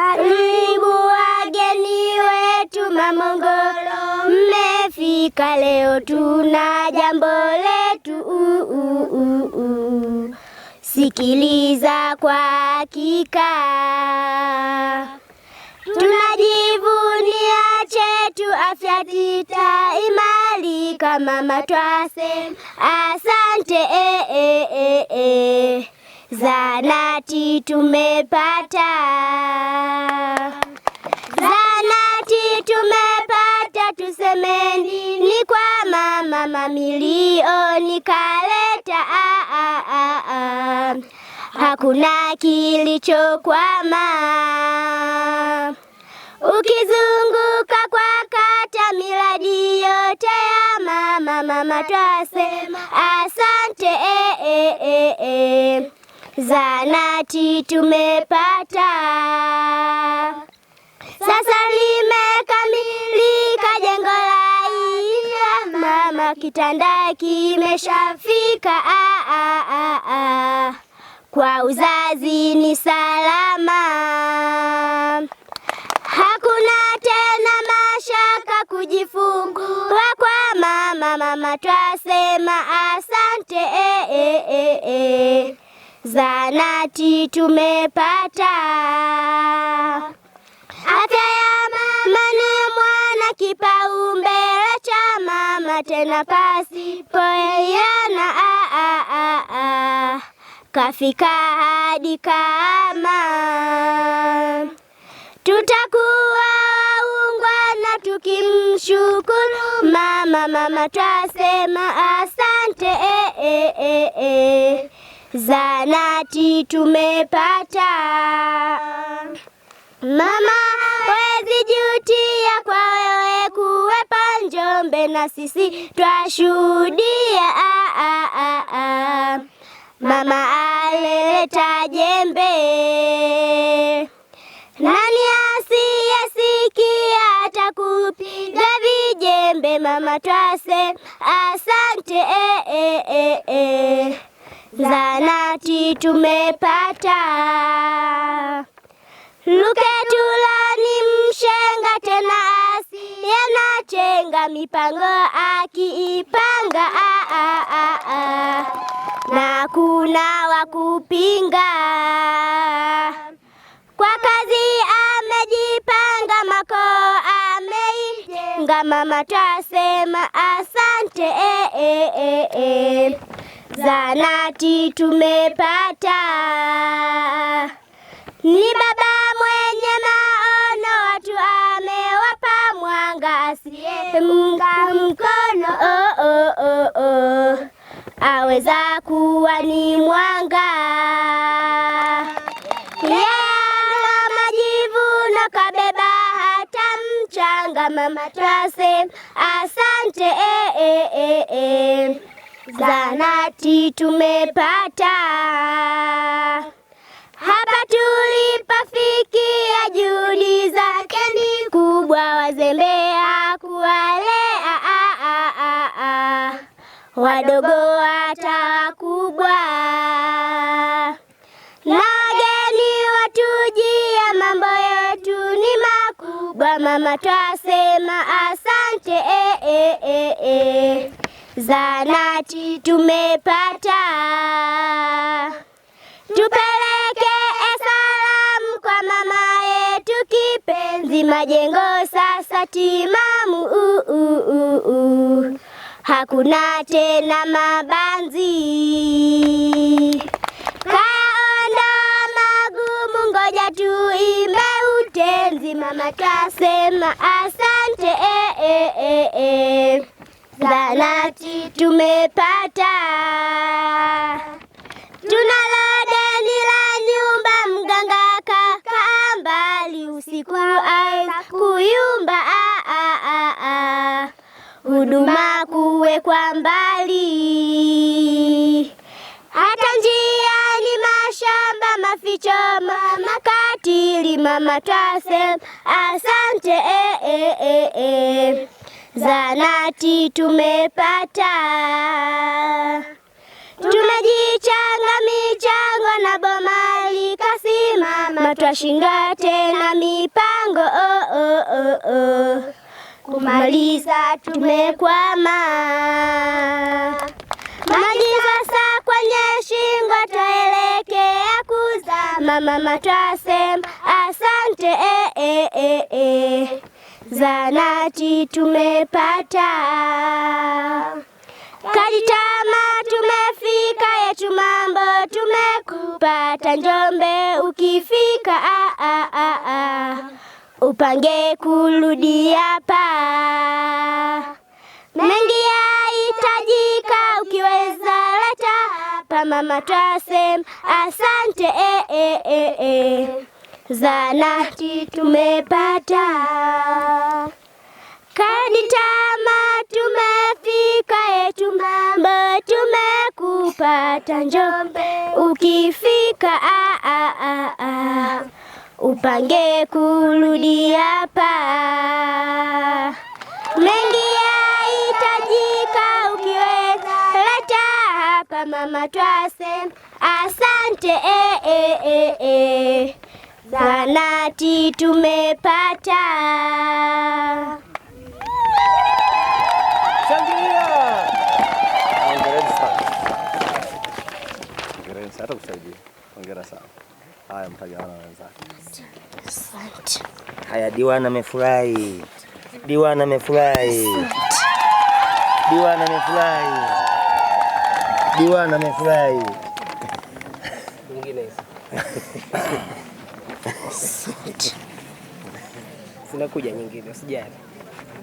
Karibu wageni wetu Mamongolo, mmefika leo, tuna jambo letu Sikiliza kwa hakika, tunajivunia chetu, afya imali kama twasema asante ee, ee, ee. Zahanati tumepata, zahanati tumepata, tusemeni ni kwa mama, mamilioni kaleta a -a -a -a. Hakuna kilichokwama ukizunguka kwa kata, miradi yote ya mama mama, twasema asante e -e -e -e zanati tumepata sasa, limekamilika jengo la Ila mama, kitanda kimeshafika. ah, ah, ah, ah. Kwa uzazi ni salama, hakuna tena mashaka kujifungua kwa mama. Mama twasema asante. eh, eh, eh, eh zahanati tumepata. Afya ya mama ni mwana, kipaumbele cha mama, tena pasipo yana a a a a kafika hadi kama tutakuwa waungwana tukimshukuru mama. Mama twasema asante, e, e, e zanati tumepata. Mama wezi jutia kwa wewe kuwepo Njombe na sisi twashuhudia. Mama aleleta jembe, nani asiyesikia atakupiga vijembe. Mama twase asante, eh, eh, eh, eh zanati tumepata. Luketula ni mshenga tena yanachenga mipango akiipanga a -a -a -a. Na kuna wa kupinga kwa kazi amejipanga makoo ameijenga mama twasema asante e -e -e. Zahanati tumepata, ni baba mwenye maono, watu amewapa mwanga, asiyemka mkono oh, oh, oh, oh. Aweza kuwa ni mwanga majivuno kabeba hata Mama twasema asante eh, eh, eh, eh. Zahanati tumepata hapa tulipafikia, juhudi zake ni kubwa, wazembea hakuwalea wadogo hata wakubwa. Nageni watujia, mambo yetu ni makubwa, mama twasema asante. Eh, eh zanati tumepata, tupeleke salamu kwa mama yetu kipenzi, majengo sasa timamu Hakuna tena mabanzi kaondo magumu, ngoja tuimbe utenzi, mama tasema asante eh, eh, eh. eh. Zahanati tumepata, tunalo deni la nyumba. Mganga kaka mbali usiku ae kuyumba, huduma kwa mbali, hata njia ni mashamba maficho. Mama katili, mama twasema asante. E, e, e, e zanati tumepata, tumejichanga michango na bomali kasimama, twashinga tena mipango oh, oh, oh, oh. Kumaliza tumekwama, maji sasa kwenye shingo twaelekea kuzama, mama twasema asante eh, eh, eh, eh zanati tumepata, Kajitama tumefika, yetu mambo tumekupata, Njombe ukifika a -a -a -a. upange kurudi hapa, mengi yahitajika, ukiweza leta hapa, mama asante e -e -e -e zanati tumepata, kanitama tumefika, yetu mama tumekupata. Njombe ukifika a -a -a -a. Upange kurudi hapa, mengi yahitajika, ukiweza leta hapa mama, twase asante e -e -e -e. Zahanati tumepata. Haya, mtajana Diwana amefurahi. Diwana amefurahi. Diwana amefurahi. Diwana amefurahi. zinakuja nyingine, usijali.